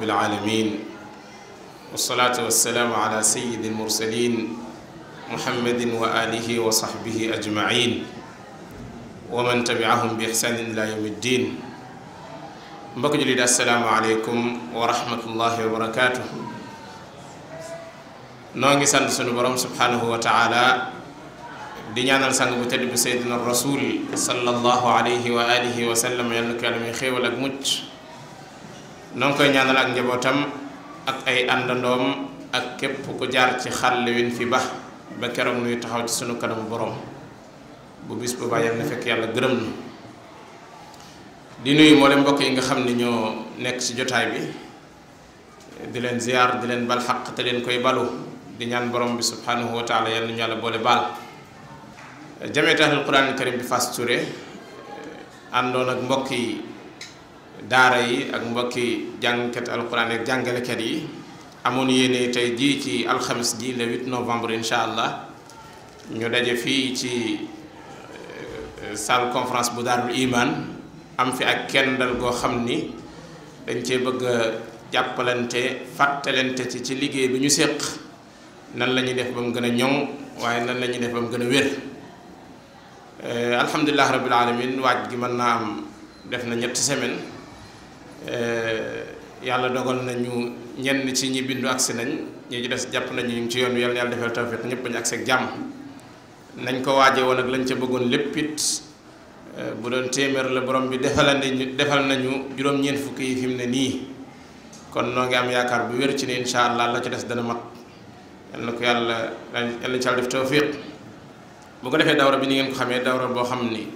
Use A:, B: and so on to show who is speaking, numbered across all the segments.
A: رب العالمين والصلاة والسلام على سيد المرسلين محمد وآله وصحبه أجمعين ومن تبعهم بإحسان إلى يوم الدين بقول السلام عليكم ورحمة الله وبركاته نعم سند سنبرم سبحانه وتعالى دينا سند بتدب سيدنا الرسول صلى الله عليه وآله وسلم يلك المخي ولك مجد noo koy ñaanal ak njabootam ak ay àndandoom ak képp ku jaar ci xàll win fi ba ba keroog nuy taxaw ci sunu kanamu borom bu bis bu bàyyam na fekk yàlla gërëm na di nuyu mboolem mbokk yi nga xam ne ñoo nekk ci jotaay bi di leen ziyaar di leen bal xaq te leen koy balu di ñaan borom bi subhanahu wa taala yal na ñu yàlla boole baal jamee taxil quran karim bi Fass Touré àndoon ak mbokk yi daara yi ak mbokki jàngkat alquran ak yi amoon yéene tey jii ci alxamis ji le 8 novembre incha allah ñu daje fii ci euh, salle confrance bu daarul iman am fi ak kendal goo xam ni dañ cee bëgg a jàppalante fàttalante ci ci liggéey bi ñu séq nan la def ba mu gën a ñëw waaye nan la ñuy def ba mu gën a wér euh, alhamdulilah rabil alamin waaj gi mën naa am def na ñetti semaine Eh, yàlla dogal nañu ñenn ci ñi bindu agsi nañ ñi ci des jàpp nañu ñu ci yoon wi yàlla yàlla defal tawfiq ñëpp bañu agsi ak jàmm nañ ko waaje woon ak lañ ca bëggoon lépp it eh, bu doon téeméer la borom bi defalandi defal nañu juróom-ñeent fukki yi fi mu ne nii kon noo ngi am yaakaar bu wér ci ne incha allah la ci des dana mat yal na ko yàlla yal na ci yàlla def tawfiq bu ko defee dawra bi ñu ngeen ko xamee dawra boo xam ni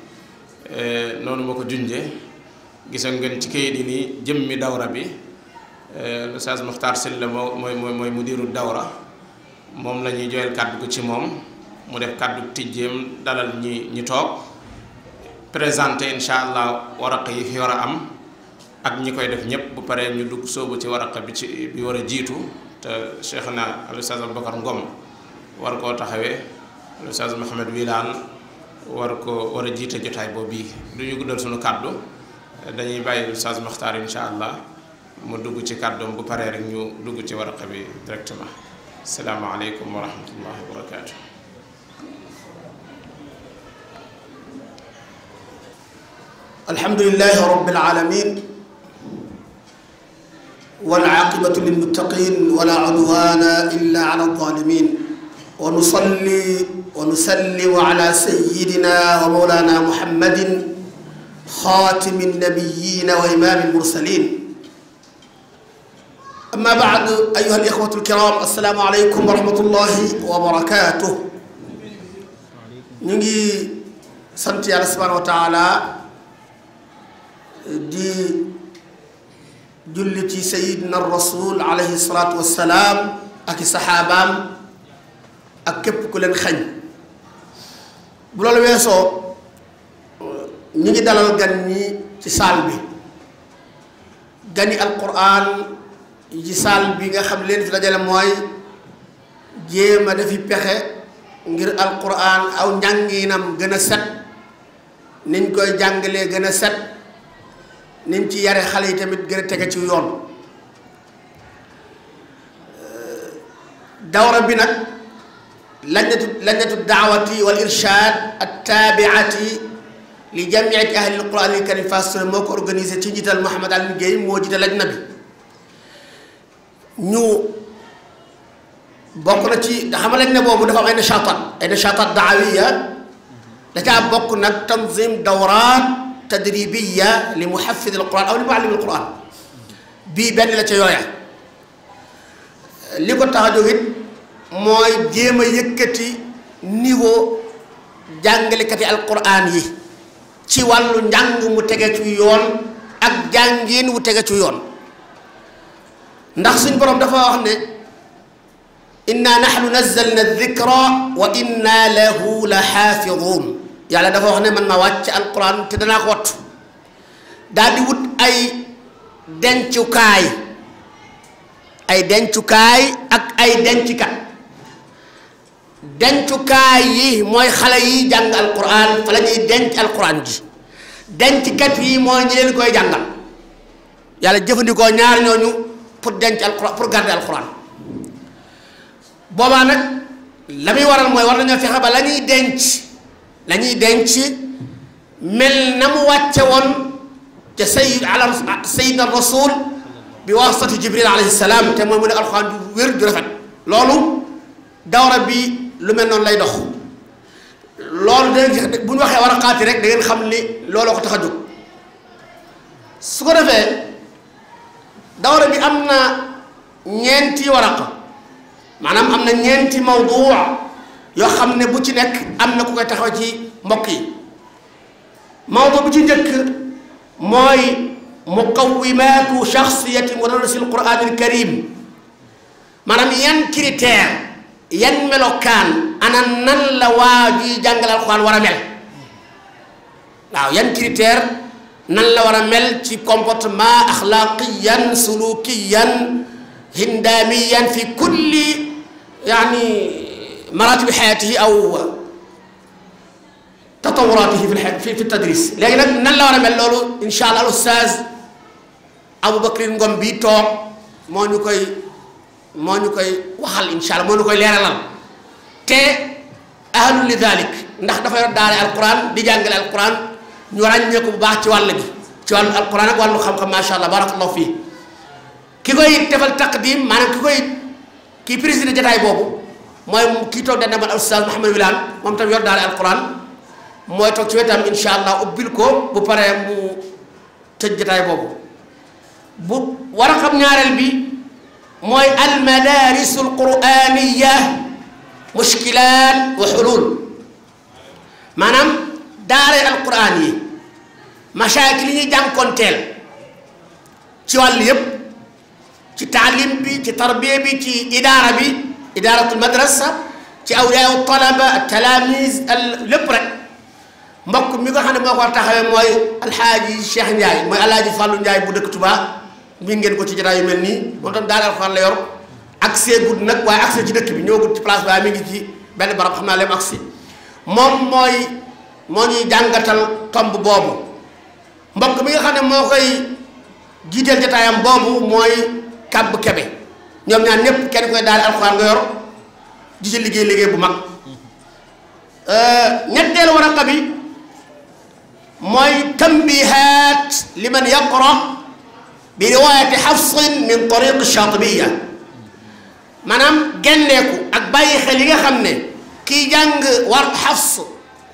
A: eh, noonu moo ko junjee gisoon ngeen ci kayit yi nii jëmmi dawra bi eh, Oustaz Mokhtar Sylla moo mooy mooy mudiru dawra moom lañuy ñuy joyal kàddu ko ci moom mu def kàddu tijjeem dalal ñi ñi toog présenter incha allah waraq yi fi war a am ak ñi koy def ñëpp bu paree ñu dugg soobu ci waraq bi ci bi war a jiitu te Cheikh na Oustaz Aboubacar Ngom war koo taxawee Oustaz Mohamed Wilane war ko war a jiite jotaay boobu bii du guddal sunu kàddu. dañuy bàyyi Oustaz Makhtar incha allah mu dugg ci kàddoom bu paree rek ñu dugg ci warqa bi directement salaamaaleykum wa rahmatullahi wa barakaatu.
B: alhamdulilahi rabbil alamin والعاقبة للمتقين ولا عدوان إلا على الظالمين ونصلي ونسلم على سيدنا ومولانا محمد خاتم النبيين وإمام المرسلين أما بعد أيها الإخوة الكرام السلام عليكم ورحمة الله وبركاته نجي سنتي على سبحانه وتعالى دي جلتي سيدنا الرسول عليه الصلاة والسلام أكي صحابة أكيب كل خن بلو لو ñu ngi dalal gan ñi ci saal bi gani alquran ci saal bi nga xam leen fi dajale mooy jéem a pexe ngir alquran aw njànginam gën a set niñ koy jàngalee gën a set niñ ci yare xale yi tamit gën a tege ci yoon dawra bi nag lajnatu lajnatu daawati wal irshaad at taabiati لجميع أهل القرآن الكريم فاسر موك أورغانيزي تنجيتال محمد المجيم موجيدة لجنبي نو بوكنا تي حمل النبوة بدفع غير نشاطات أي نشاطات دعوية لكا بوكنا تنظيم دورات تدريبية لمحفظ القرآن أو لمعلم القرآن بي بان لا تيويا لي كو تاجو هيت موي يكتي نيفو جانغلي كاتي القران يي ci walu njàng mu tege ci yoon ak jàngin wu tege ci yoon ndax suñ borom dafa wax ne inna nahnu nazzalna adh dhikra wa inna lahu la yàlla dafa wax ne man ma wàcc alquran te dana ko wat daal di wut ay kay ay kay ak ay kat dencukaay yi mooy xale yi jàng alquran fa la ñuy denc alquran ji denckat yi mooy ñi leen koy jàngal yàlla jëfandikoo ñaar ñooñu pour denc alquran pour boobaa nag la muy waral mooy war nañoo fexe ba la ñuy denc lañuy denc mel na mu wàcce woon ca sayid ala sayidna rasul bi wasati jibril alayhi salaam te mooy mu ne alquran ju wér ju rafet loolu dawra bi lu mel noonu lay dox loolu da ngeen bu ñu waxee waraqaati rek da ngeen xam ni looloo ko tax a jóg su ko defee dawra bi am na ñeenti waraqa maanaam am na ñeenti mawduu yoo xam ne bu ci nekk am na ku koy taxaw ci mbokk yi mawdu bu ci njëkk mooy muqawimaatu shaxsiyati mudarrisil quraanil karim maanaam yan critère yan melo kan ana nan la waji jàngal alquran wara mel waaw yan critère nan la wara mel ci comportement akhlaqiyan sulukiyan hindamiyan fi kulli yani maratib hayatihi aw tatawuraatihi fi fi tadris léegi nag nan la war a mel loolu incha allah al ustaaz Aboubacrine Ngom bii toog moo ñu moo ñu koy waxal incha allah moo ñu koy leeralal te ahlu li dalik ndax dafa yor daara alquran di jàngale alquran ñu ràññee ko bu baax ci wàll bi ci wàllu alquran ak wàllu xam-xam macha allah barakallahu fii ki koy defal taqdim maanaam ki koy kii président jataay boobu mooy kii toog dana man ustaz Mouhamed Wilane moom tam yor daara alquran mooy toog ci wetam incha allah ubbil ko bu paree mu tëj jataay boobu bu war a xam ñaareel bi. موي المدارس القرآنية مشكلات وحلول مانام دار القرآنية مشاكل جان كونتيل تيوال يب تي تعليم بي تي تربية بي تي إدارة بي إدارة المدرسة تي أولياء الطلبة التلاميذ اللبرة مبكم ميغو حاني موي الحاج الشيخ نياي موي الحاج فالو نياي بودك توبا mi ngeen ko ci jotaay yu mel nii moom tam daal alxuraan la yor accès gudd nag waaye accès ci dëkk bi ñoo gudd ci place bi waaye mi ci benn barab xam naa leen accès moom mooy moo ñuy jàngatal tomb boobu mbokk mi nga xam ne moo koy jiiteel jotaayam boobu mooy kàbb kebe ñoom ñaar ñëpp kenn koy daal alxuraan nga yor di liggéey liggéey bu mag euh, ñetteelu waraqa bi mooy tambihaat liman yaqra برواية حفص من طريق الشاطبية maanaam genneeku ak bàyyi xel yi nga xam ne kii jàng war xafs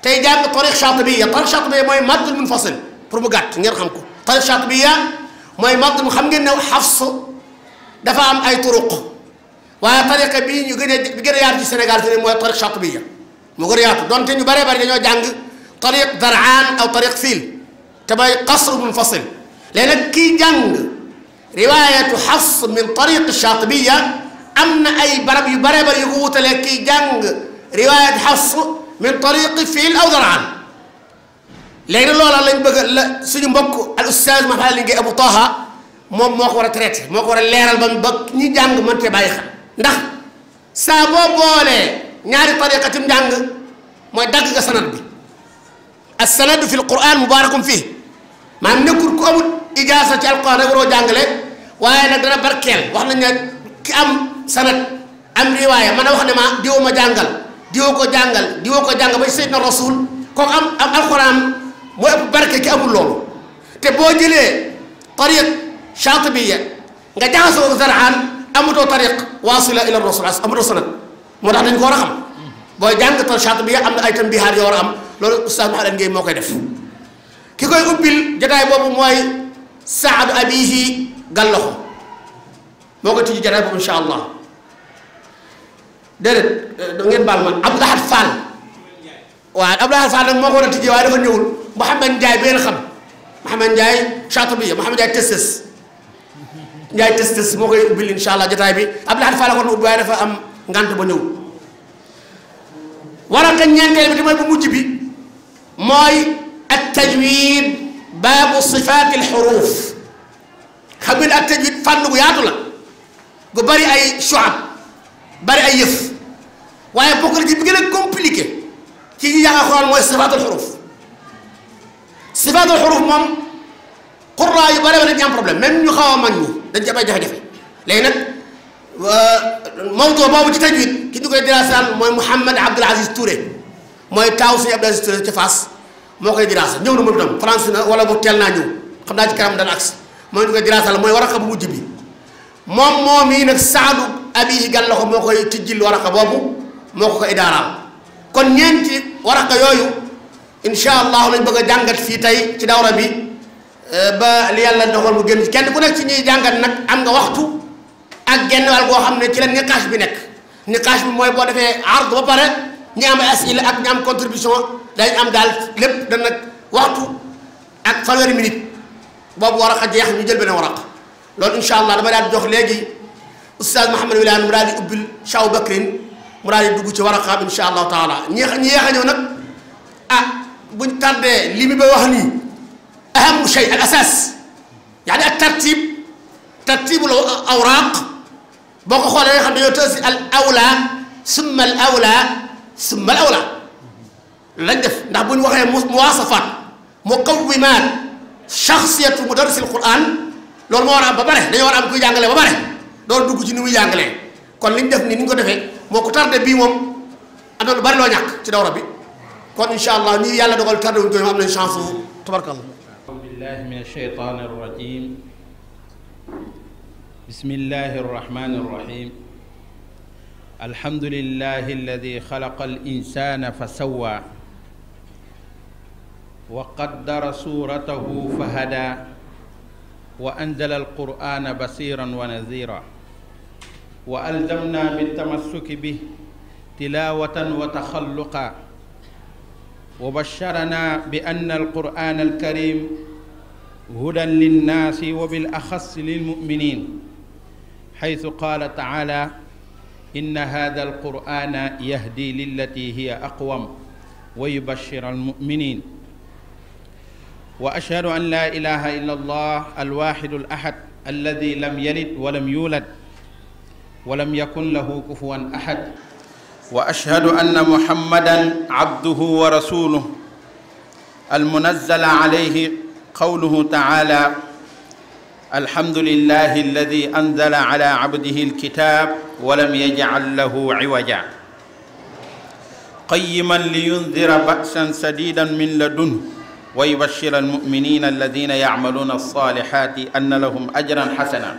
B: tey jàng tariq chatibiya tariq chatibiya mooy maddul munfasil pour mu gàtt ngeen xam ko tariq chatibiya mooy maddul xam ngeen ne xafs dafa am ay turuq waaye tariqa bii ñu gën a bi gën a yaatu ci Sénégal fi ne mooy tariq chatibiya mu gën a yaatu donte ñu bëree bëri dañoo jàng tariq daraan aw tariq fiil te mooy qasr munfasil léegi nag kii jàng رواية حص من طريق الشاطبية أن أي بربي بربر يقوت لكي جنغ رواية حص من طريق فيل أو درعا لين الله لا ينبغى سجن بك الأستاذ ما فعل لنجي أبو طه مو مو أخبر تريتي مو أخبر الليرة البن بك ني جنغ من تبايخا نخ سابو بولي نياري طريقة جنغ ما يدقق سند بي السند في القرآن مبارك فيه ما نكر كو ijaasa ci alquran rek waroo jàngale waaye nag dana barkeel wax nañ ki am sanat am riwaaya man a wax ne ma diwoo ma jàngal diwoo ko jàngal diwoo ko jàngal ba sayyidna rasul kooku am am alquran moo ëpp barke ki amul loolu te boo jëlee tariq chatibiya nga jaxasoo zaraan amutoo tariq waasila ila rasul amutoo sanat moo tax dañ ko war a xam booy jàng tal chatibiya am na ay tanbihaat yoo war a am loolu ustaz Mouhamed moo koy def ki koy ubbil jotaay boobu mooy سعد أبيه قال له موقت تجي جرب إن شاء الله دير دعين بالما عبد الله فال وعبد فال موقت تجي وارد هنيول محمد جاي بين خم محمد جاي شاطبي محمد جاي تسس جاي تسس موقت بيل إن شاء الله جرابي عبد الله فال هو نوبي عارف أم عنده بنيول ورقة نيان كلمة ما يبغى ماي التجويد باب صفات الحروف خبير التجويد فن وياتلا غبري اي شعب بري اي يف واي بوكل دي بيغي كومبليكي كي يا خوال موي صفات الحروف صفات الحروف مام قراء يبري بري دي ام بروبليم ميم ني خاوا ماك ني دا جاب جاف جاف لي نك موضوع بابو تجويد كي نكو دراسال موي محمد عبد العزيز توري موي كاوسي عبد العزيز توري تفاس moo koy diraasa ñëw na moom itam France na wala bu teel naa ñëw xam naa dana agsi mooy di koy diraasa la mooy waraxa bu mujj bi moom moom yi nag saadu abi yi gàll ko moo koy tijjil waraxa boobu moo ko koy daaraam kon ñeenti waraxa yooyu incha allah lañ bëgg a jàngat fii tey ci dawra bi eh, ba li yàlla doxal mu génn kenn ku nekk ci ñuy jàngat nag am nga waxtu ak genn wàll goo xam ne ci la niqaas bi nekk niqaas bi mooy boo defee ard ba pare ñi am asila ak ñi am contribution dañ am daal lépp dana waxtu ak fanweeri minute boobu waraqa jeex ñu jël beneen waraq loolu incha allah dama daal jox léegi oustaz Mouhamed Wilane mu daal di ubbil Chaaw Bakrin mu daal di dugg ci waraqaam incha allahu taala ñi ñi yeex a ñëw nag ah buñ tardee li mi ba wax nii aham shay al asas yaani ak tartib tartibu la awraaq boo ko xoolee nga xam dañoo tësi al awla summa al awla سملاولا لجف نابون وخي مواصفات مقومات شخصيه مدرس القران لول مورا بابره دا يوار ام كوي جانغالي بابره دول دوجو سي نوي جانغالي كون لي ديف ني نينغو ديفه موكو تاردي بي موم ادول بار لو نياك سي دورا بي كون ان شاء الله ني يالا دوغال تاردي نتو امنا شانس تبارك الله بالله
C: من الشيطان الرجيم بسم الله الرحمن الرحيم الحمد لله الذي خلق الإنسان فسوى وقدر صورته فهدى وأنزل القرآن بصيرا ونذيرا وألزمنا بالتمسك به تلاوة وتخلقا وبشرنا بأن القرآن الكريم هدى للناس وبالأخص للمؤمنين حيث قال تعالى إن هذا القرآن يهدي للتي هي أقوم ويبشر المؤمنين وأشهد أن لا إله إلا الله الواحد الأحد الذي لم يلد ولم يولد ولم يكن له كفوا أحد وأشهد أن محمدا عبده ورسوله المنزل عليه قوله تعالى الحمد لله الذي أنزل على عبده الكتاب ولم يجعل له عوجا قيما لينذر بأسا سديدا من لدنه ويبشر المؤمنين الذين يعملون الصالحات أن لهم أجرا حسنا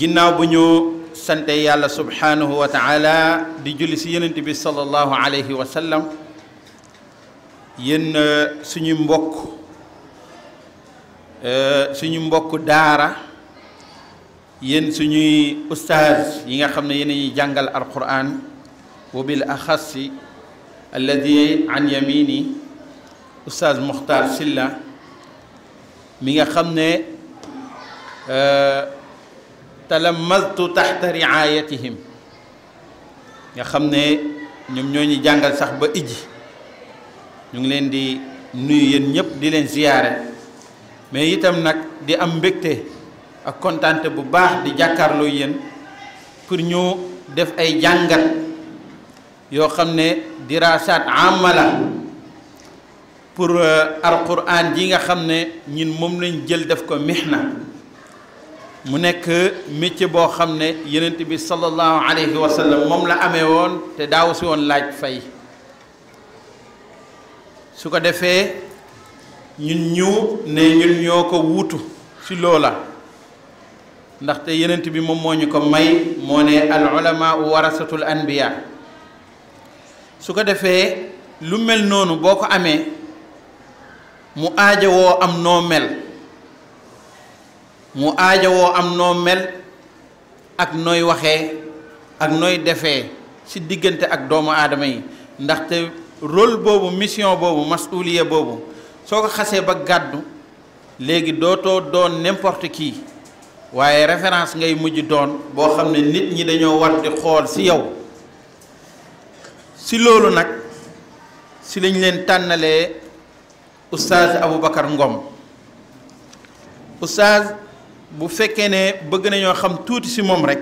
C: جنا بنيو سنت الله سبحانه وتعالى بجلس ينتبه صلى الله عليه وسلم ين سنين بوك آه، سنين بوك داره yen suñuy ustaaz yi nga xamne ne ñi jàngal alquran wa bil axasi alladi an yamini ustaaz muxtaar silla mi nga xamne euh talamaztu tahta riayatihim nga xamne ñom ñoy ñi jàngal sax ba iji ñu ngi leen di nuyu yen ñep di leen ziaré mais itam nak di am mbégte ak kontante bu baax di jàkkaarloo yéen pour ñu def ay jàngat yoo xam ne dirasat amala pour euh, alquran ji nga xam ne ñun moom lañ jël def ko na mu nekk métier boo xam ne yenent bi sallallahu alayhi wa moom la amee woon te daaw si woon laaj fay su ko defee ñun ñu ne ñun ñoo ko wuutu ci loola ndaxte yenent bi moom moo ñu ko may moo ne al ulama warasatul anbiya su ko defee lu mel noonu boo ko amee mu aajowoo am noo mu aajowoo am noo mel ak nooy waxee ak nooy defee ci diggante ak doomu aadama yi ndaxte rôle boobu mission boobu masuliya boobu soo ko xasee ba gàddu léegi dootoo doon n'importe kii waaye référence ngay mujj doon boo xam ne nit ñi dañoo war di xool si yow si loolu nag si lañ leen tànnalee oustaz Aboubacar Ngom oustaz bu fekkee ne bëgg nañoo xam tuuti si moom rek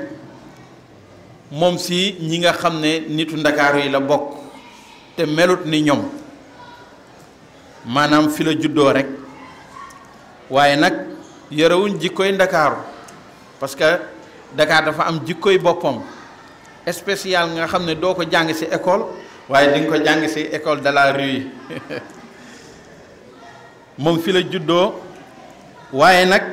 C: moom si ñi nga xam ne nitu ndakaaru yi la bokk te melut ni ñoom maanaam fi la juddoo rek waaye nag yorewuñ jikkoy ndakaaru parce que Dakar dafa am jikkoy bopom, spécial nga xam ne ko jang si école waye ding ko jang si école de la rue mom fi la juddo waye nak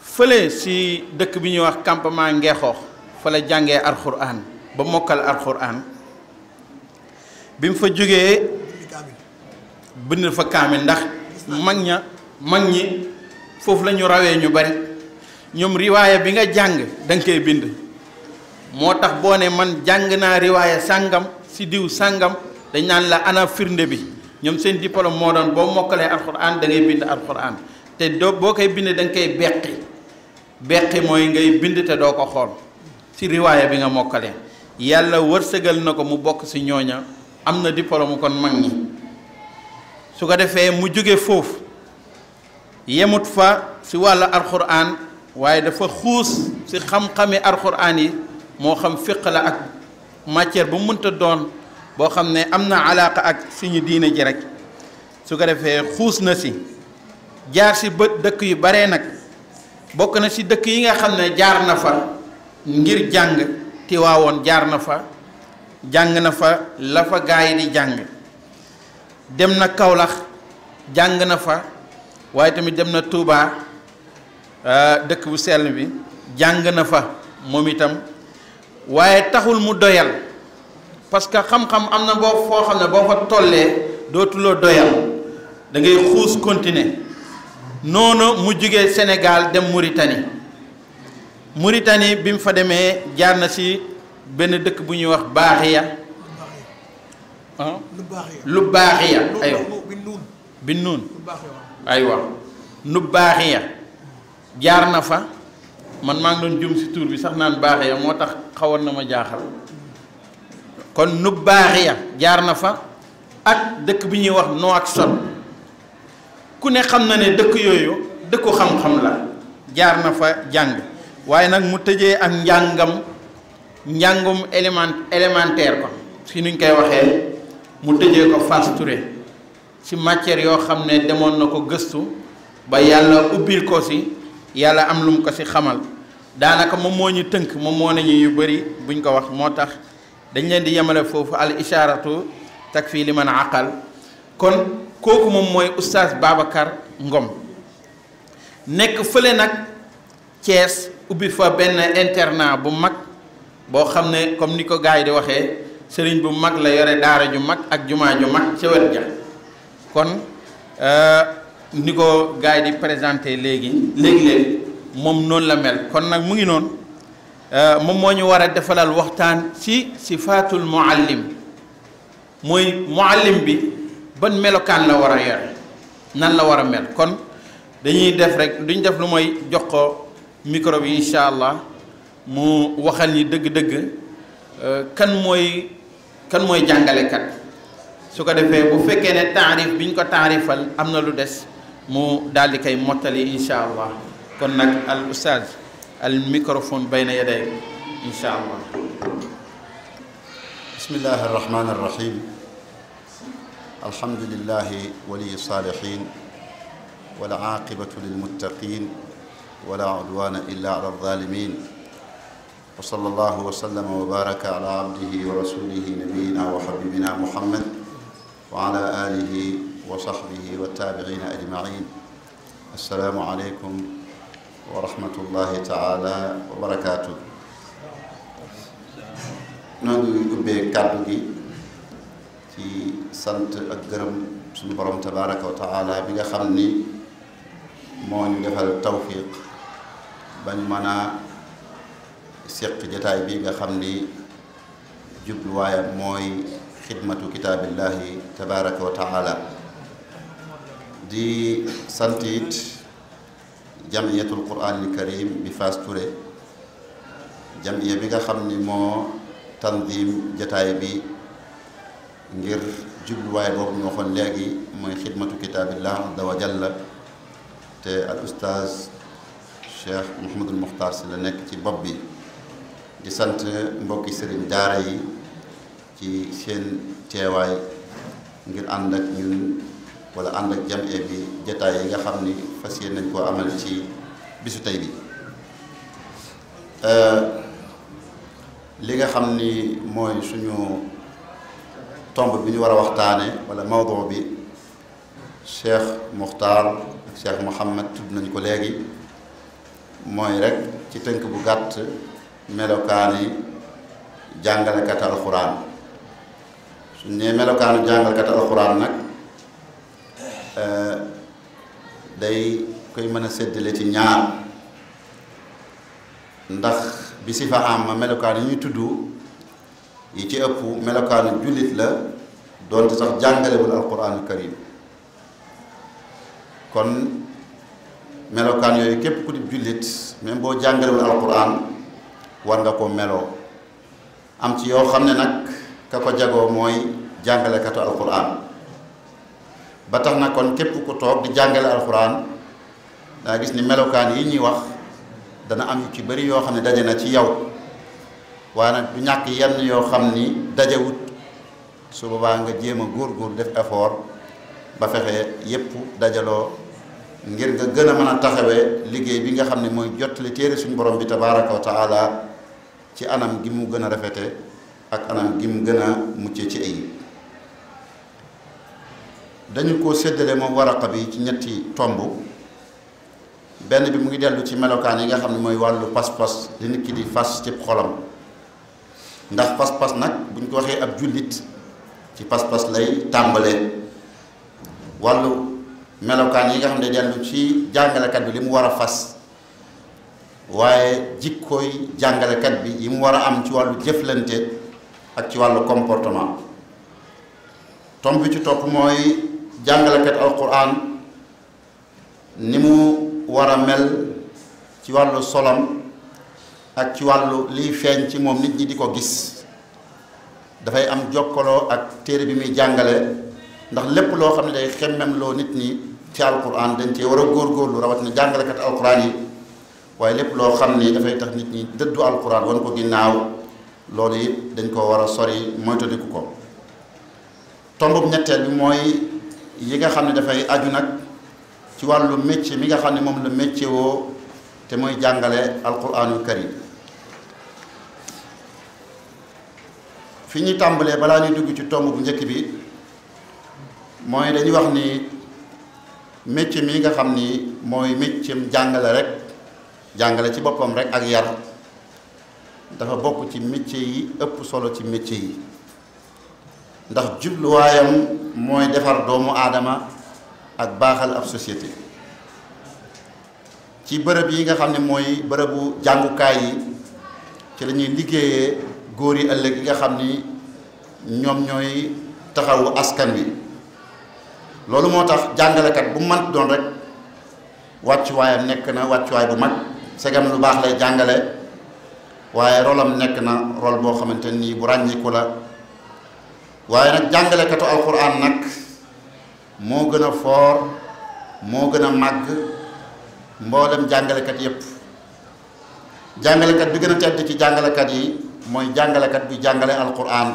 C: fele si dekk bi ñu wax campement ngeexoox fa la jangé alcorane ba mokal alcorane bim fa jógee bind fa kaamil ndax magña magni fofu lañu rawé ñu bari ñom riwaya bi nga jang dang kay bind motax man jang na riwaya sangam si diw sangam dañ nan la ana firnde bi ñom seen diplôme mo doon bo mokale alquran da ngay bind alquran te do bo koy bind dang kay bekk bekk moy ngay bind te do ko xol si riwaya bi nga mokale yalla wërsegal nako mu bok si ñoña amna diplôme kon mag ñi su ko defé mu joggé fofu yemut fa si wala alquran waaye dafa xuus ci xam-xami alxuraan yi moo xam fiq la ak matière bu mënta doon boo xam ne am na alaaqa ak suñu diine ji rekk su ko defee xuus na si jaar si bët dëkk yu bare nag bokk na ci dëkk yi nga xam ne jaar na fa ngir jàng tiwaawoon jaar na fa jàng na fa la fa gaa di jàng dem na Kawlax jàng na fa waaye tamit dem na Tuubaa dëkk bu sell bi jàng na fa moom itam waaye taxul mu doyal parce que xam-xam am na boo foo xam ne boo fa tollee dootuloo doyal da ngay xuus continuer noonu mu jóge Sénégal dem muritani Mauritanie bi mu fa demee jaar na ci benn dëkk bu ñuy wax Baaxiya lu Baaxiya aywa bi nuun aywa nu Baaxiya jaar na fa man maa ngi doon jum si tur bi sax naan baax ya moo tax xawoon na ma jaaxal kon nu baax ya jaar na fa ak dëkk bi ñuy wax noo ak sol ku ne xam na ne dëkk yooyu dëkku xam-xam la jaar na fa jàng waaye nag mu tëjee ak njàngam njàngum élément élémentaire ko si nuñ koy waxee mu tëjee ko Fass ci matière yoo xam ne demoon na ko gëstu ba yàlla ubbil ko si yalla am lum ko ci xamal danaka tengk, moñu teunk mom mo nañu yu bari buñ ko wax motax dañ leen di yamale fofu al isharatu takfi liman aqal kon koku mom moy oustaz babakar Ngom Nek fele nak Thiès ubi fa bumak, internat bu mag bo xamne comme niko ko di waxe serigne bu mag la yore daara ju mag ak juma ju mag ci wet ja kon euh, niko gaay di présenter légui légui léegi-léegi mom non la mel kon nak mu ngi non euh mom moñu wara defalal waxtan ci sifatul muallim moy muallim bi ban melokan la wara yor nan la wara mel kon dañuy def rek duñ def lu moy jox ko micro bi inshallah mu waxal ni deug deug euh kan moy kan moy jangale kat su ko defé bu fekké ne ta'rif biñ ko ta'rifal amna lu dess mu dal di kay motali insha allah kon nak al ustaz al microphone bayna yaday
D: insha بسم الله الرحمن الرحيم الحمد لله ولي الصالحين والعاقبة للمتقين ولا عدوان إلا على الظالمين وصلى الله وسلم وبارك على عبده ورسوله نبينا وحبيبنا محمد وعلى آله وصحبه والتابعين أجمعين السلام عليكم ورحمة الله تعالى وبركاته نعم بكاتبه في سنت أكرم سنبرم تبارك وتعالى بيجا خمني مون جفل التوفيق بن منا سيق جتاي بيجا خمني جبل واي موي خدمة كتاب الله تبارك وتعالى di sant it jamiyatul quraanil karim bi Fass Touré jamiya bi nga xam ni moo tanzim jataay bi ngir jubluwaay boobu ñu waxoon léegi mooy xidmatu kitaabillah azza wa jalla te al ustaaz cheikh Mouhamadul Muxtaar si la nekk ci bopp bi di sant mbokki sëriñ daara yi ci seen teewaay ngir ànd ak ñun wala ànd ak jamee bi jataay yi nga xam ni fas yéene nañ koo amal ci bisu tey bi euh, li nga xam ni mooy suñu tomb bi ñu war a waxtaane wala mawdu bi Cheikh Muxtaar ak Cheikh Mouhamed tudd nañ ko léegi mooy rekk ci tënk bu gàtt melokaani jàngalekat alxuraan suñ ne melokaanu jàngalekat alxuraan nag Euh, day koy mën a séddale ci ñaar ndax bi si fa am melokaan yi ñuy tudd yi ci ëpp melokaanu jullit la doonte sax jàngalewul alquraanul karim kon melokaan yooyu képp ku di jullit même boo jàngalewul alquraan war nga ko meloo am ci yoo xam ne nag ka ko jagoo mooy jàngalekatu alquraan ba tax na kon képp ku toog di jàngale alxuraan daa gis ni melokaan yi ñuy wax dana am yu ci bari yoo xam ne daje na ci yow waaye nag du ñàkk yenn yoo xam ni dajewut su boobaa nga jéem a góor def effort ba fexe yépp dajaloo ngir nga gën a mën a taxawee liggéey bi nga xam ne mooy jottali téere suñu borom bi tabaaraka wa taala ci anam gi mu gën a rafete ak anam gi mu gën a mucce ci ayib dañu ko séddale moom waraqa bi ci ñetti tomb benn bi mu ngi dellu ci melokaan yi nga xam moy walu wàllu pas-pas li nit ki di fas ci xolam ndax pas-pas nak buñ ko waxé ab julit ci pas-pas lay tambalé walu melokaan yi nga xam ne ci ci kat bi limu wara fas waye fas waaye jikkooy jàngalekat bi yim wara am ci walu jëflante ak ci walu comportement tomb ci top moy jàngalekat alquran ni mu war a mel ci wàllu solam ak ci wàllu liy feeñ ci moom nit ñi di ko gis dafay am jokkaloo ak téere bi muy jàngale ndax lépp loo xam ne day xemmem loo nit ñi ci alquran dañ cee war a góorgóorlu rawatina jàngalekat alquran yi waaye lépp loo xam ni dafay tax nit ñi dëddu alquran wan ko ginnaaw loolu it dañ ko war a sori moytandiku ko tombub ñetteel bi mooy yi nga xam ne dafay aju nag ci wàllu métier mi nga xam ne moom la métier woo te mooy jàngale alquraanul karim fi ñu tàmbalee balaa ñuy dugg ci tomb bu njëkk bi mooy dañuy wax ni métier mi nga xam ni mooy métieram jàngale rek jàngale ci boppam rek ak yàlla dafa bokk ci métier yi ëpp solo ci métier yi ndax jubluwaayam mooy defar doomu aadama ak baaxal ab société ci bërëb yi nga xam ne mooy bërëbu jàngukaay yi ci lañuy ñuy liggéeyee góor yi ëllëg yi nga xam ni ñoom ñooy taxawu askan wi loolu moo tax jàngalekat bu mant doon rek wàccuwaayam nekk na wàccuwaay bu mag segam lu baax lay jàngale waaye rolam nekk na rol boo xamante nii bu ràññiku la waaye nag jàngalekatu alquran nag moo gën a foor moo gën a màgg mboolem jàngalekat yépp jàngalekat bi gën a tedd ci jàngalekat yi mooy jàngalekat bi jàngale alquran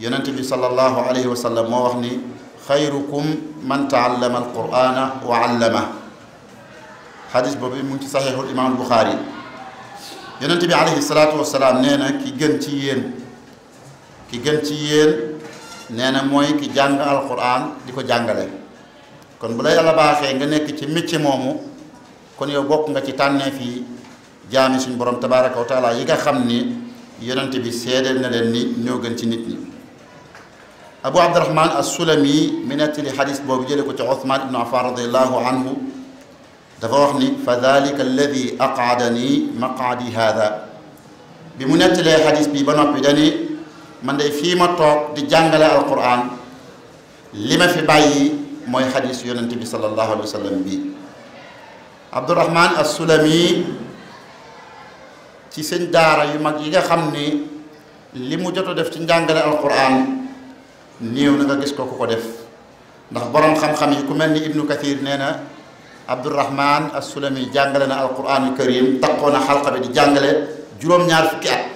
D: yonent bi sallallahu alayhi wa sallam moo wax ni xayrukum man taallama alqurana wa allama xadis boobu mu ngi ci saxiixul imaamul buxaari yonent bi alayhi salaatu wasalaam nee na ki gën ci yéen ki gën ci yéen neena moy ki jàng alquran diko jàngale kon bu la yàlla baxé nga nek ci micci momu kon yow bok nga ci tanne fi jami suñu borom tabaraka wa taala yi nga xamni ni yonent bi sédel na len ni ñoo gën ci nit ñi abu abdurrahman as-sulami minati li hadith bobu jële ko ci othman ibn affan radiyallahu anhu dafa wax ni fa dhalika alladhi aq'adani maq'adi hadha bi mu hadith bi ba dani man de fii ma toog di jàngale alquran li ma fi bàyyi mooy xadis yonente bi sallallahu alayhi wa sallam bi abdurahman assulami ci seen daara yu mag yi nga xam ni li mu jot a def ci njàngale alquran néew na nga gis ko ku ko def ndax boroom xam-xam yi ku mel ni ibnu kathir nee na abdurahman assulami jàngale na al alquranul karim taqoon na xalqa bi di jàngale juróom-ñaar fukki at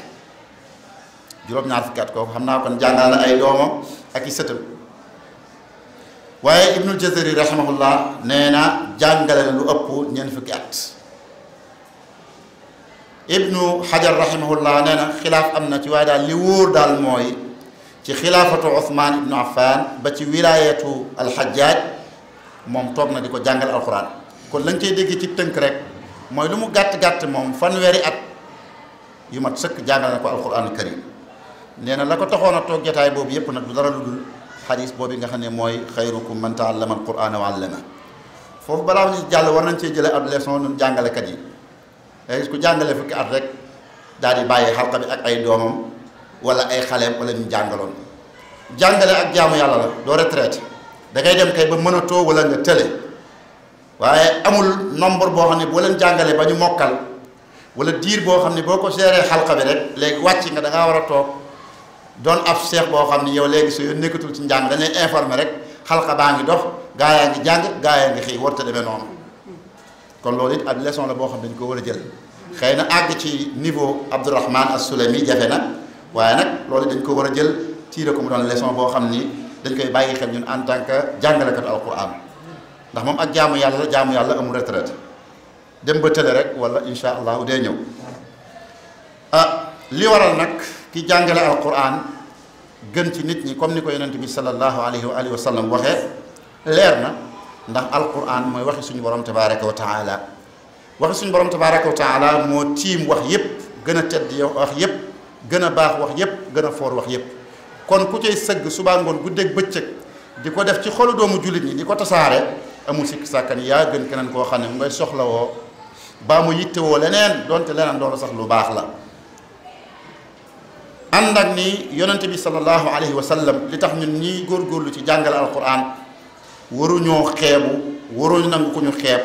D: juróom-ñaar fukki at kooku xam naa kon jàngal na ay doomam ak i sëtam waaye ibnul jazari rahimahullah nee na jàngale na lu ëpp ñeent fukki at ibnu xajar rahimahullah nee na xilaaf am na ci waaye daal li wóor daal mooy ci xilaafatu Ousmane ibnu Affan ba ci wilaayatu alxajjaaj moom toog na di ko jàngal alxuraan kon lañ cey dégg ci tënk rek mooy lu mu gàtt gàtt moom fanweeri at yu mat sëkk jàngale na ko alxuraanu karim nee na la ko taxoon a toog jataay boobu yëpp nag du dara lu dul xadis boobu nga xam ne mooy xayrukum man taallama alqurana wa allama foofu balaa ñu jàll war nañ cee jële ab leçon ñun jàngalekat yi gis ku jàngale fukki at rek daal di bàyyi xalqa bi ak ay doomam wala ay xaleem wala ñu jàngaloon jàngale ak jaamu yàlla la doo retraite da ngay dem kay ba mënatoo wala nga tële waaye amul nombre boo xam ne boo leen jàngalee ba ñu mokkal wala diir boo xam ne boo ko géré xalqa bi rek léegi wàcc nga da ngaa war a toog don ab cheikh bo xamni yow legi so yone nekatul ci njàng dañuy informer rek xalqa baangi ngi dox gaa ngi jàng gaa ngi xëy warta a non kon lolit it ab leçon la bo xamni dañ ko wara jël xeyna ag ci niveau Abdourahman as-Sulami jafe na waaye nag loolu dañ ko wara jël tire ko mu don leçon bo xamni dañ koy bàyyi xel ñun en tant que jangale kat alquran ndax mom ak jaamu yàlla la jaamu yàlla amu retraite dem ba tële rek wala incha allahu day ñëw ah li waral nak ki jàngale alquran gën ci nit ñi comme ni ko yonent bi sallallahu alayhi wa alihi wa sallam leer na ndax al alquran mooy waxi suñu borom tabaraka wa taala waxi suñu borom tabaraka wa taala moo tiim wax yépp gën a tedd wax yépp gën a baax wax yépp gën a foor wax yépp kon ku cay sëgg subaa ngoon guddeeg bëccëg di ko def ci xolu doomu jullit ñi di ko tasaare amul sikk sàkkan yaa gën keneen koo xam ne mu ngay soxlawoo baa mu yittewoo leneen donte leneen doo sax lu baax la andak ni yonent bi sallallahu alayhi wa sallam li tax ñun ñi gor góorgóorlu ci jàngal alquran waru ñoo xébu waru ñu nang ku ñu xép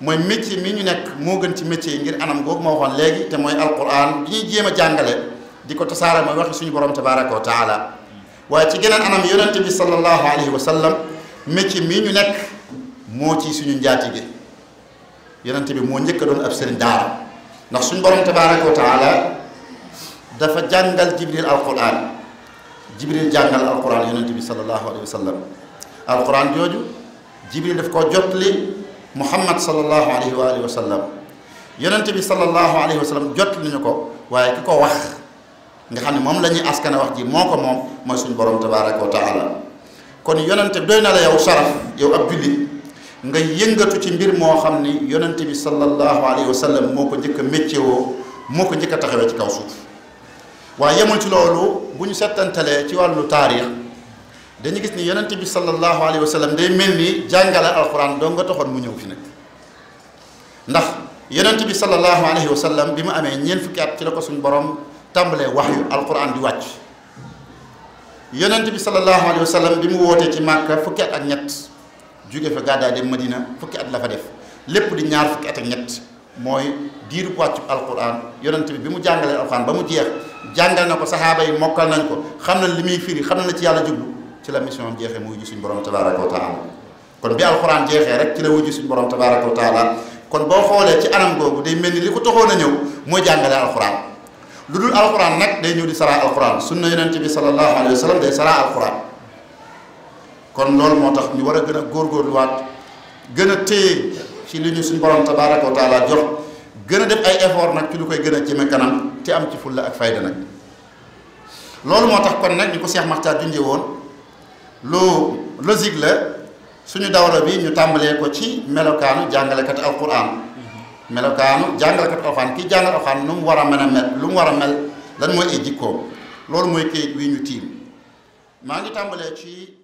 D: moy métier mi ñu nek mo gën ci métier ngir anam gog mo waxon légui te moy alquran bi ñi jema jàngale diko tassara ma mooy waxi suñu borom tabaaraku taala wa ci gënal anam yonent bi sallallahu alayhi wa sallam métier mi ñu nek mo ci suñu gi yonent bi mo ñëk doon ab sëriñ daara ndax suñu borom tabaaraku taala dafa jàngal jibril alquran jibril jàngal alquran yonente bi salallahu alayhi wa sallam alquran jooju jibril daf koo jotli muhammad salallahu alayhi wa alihi wa bi salallahu alayhi wa jot jotli ñu ko waaye ki ko wax nga xam ne moom lañuy ñuy askane wax ji moo ko moom mooy suñu borom tabaraka wa kon yonente doy na la yow saraf yow ab jullit nga yëngatu ci mbir moo xam ni yonente bi salallahu alayhi wa sallam moo ko njëkk a moo ko njëkk taxawee ci kaw suuf waaye yemul ci loolu bu ñu settantalee ci wàllu taarix dañu gis ni yonent bi sallallahu alayhi wa sallam day mel ni jàngale alxuraan doo nga taxoon mu ñëw fi nag ndax yonent bi sallallahu alayhi wa sallam bi mu amee ñeent fukki at ci la ko suñu borom tàmbalee waxyu alxuraan di wàcc yonent bi sallallahu alayhi wa sallam bi mu wootee ci màkka fukki at ak ñett jóge fa gàddaay dem madina fukki at la fa def lépp di ñaar fukki at ak ñett mooy diiru wàccu alquran yonent bi bi mu jàngalee alquran ba mu jeex jàngal na ko saxaaba yi mokkal nañ ko xam nañ li muy firi xam nañ la ci yàlla jublu ci la mission am jeexee mu wujju suñu borom tabaraka wa taala kon bi alquran jeexee rek ci la wujju suñu borom tabaraka wa taala kon boo xoolee ci anam googu day mel ni li ko taxoon a ñëw mooy jàngale alquran lu dul alquran nag day ñëw di saraa alquran sunna yonent bi sallallahu alayhi wa sallam day saraa alquran kon loolu moo tax ñu a gën a góorgóorluwaat gën a téye ci li ñu suñu borom tabaaraka wa taala jox gën a def ay effort nag ci lu koy gën a jëme kanam te am ci fulla ak fayda nag loolu moo tax kon nag ñu ko Seex Maxtaar junjee woon lu logique la suñu dawra bi ñu tàmbalee ko ci melokaanu jàngalekat alquran melokaanu jàngalekat alquran kii jàngal alquran lu mu war a mën a mel lu mu war a mel lan mooy ay jikkoom loolu mooy kayit wi ñu tiim maa ngi tàmbalee ci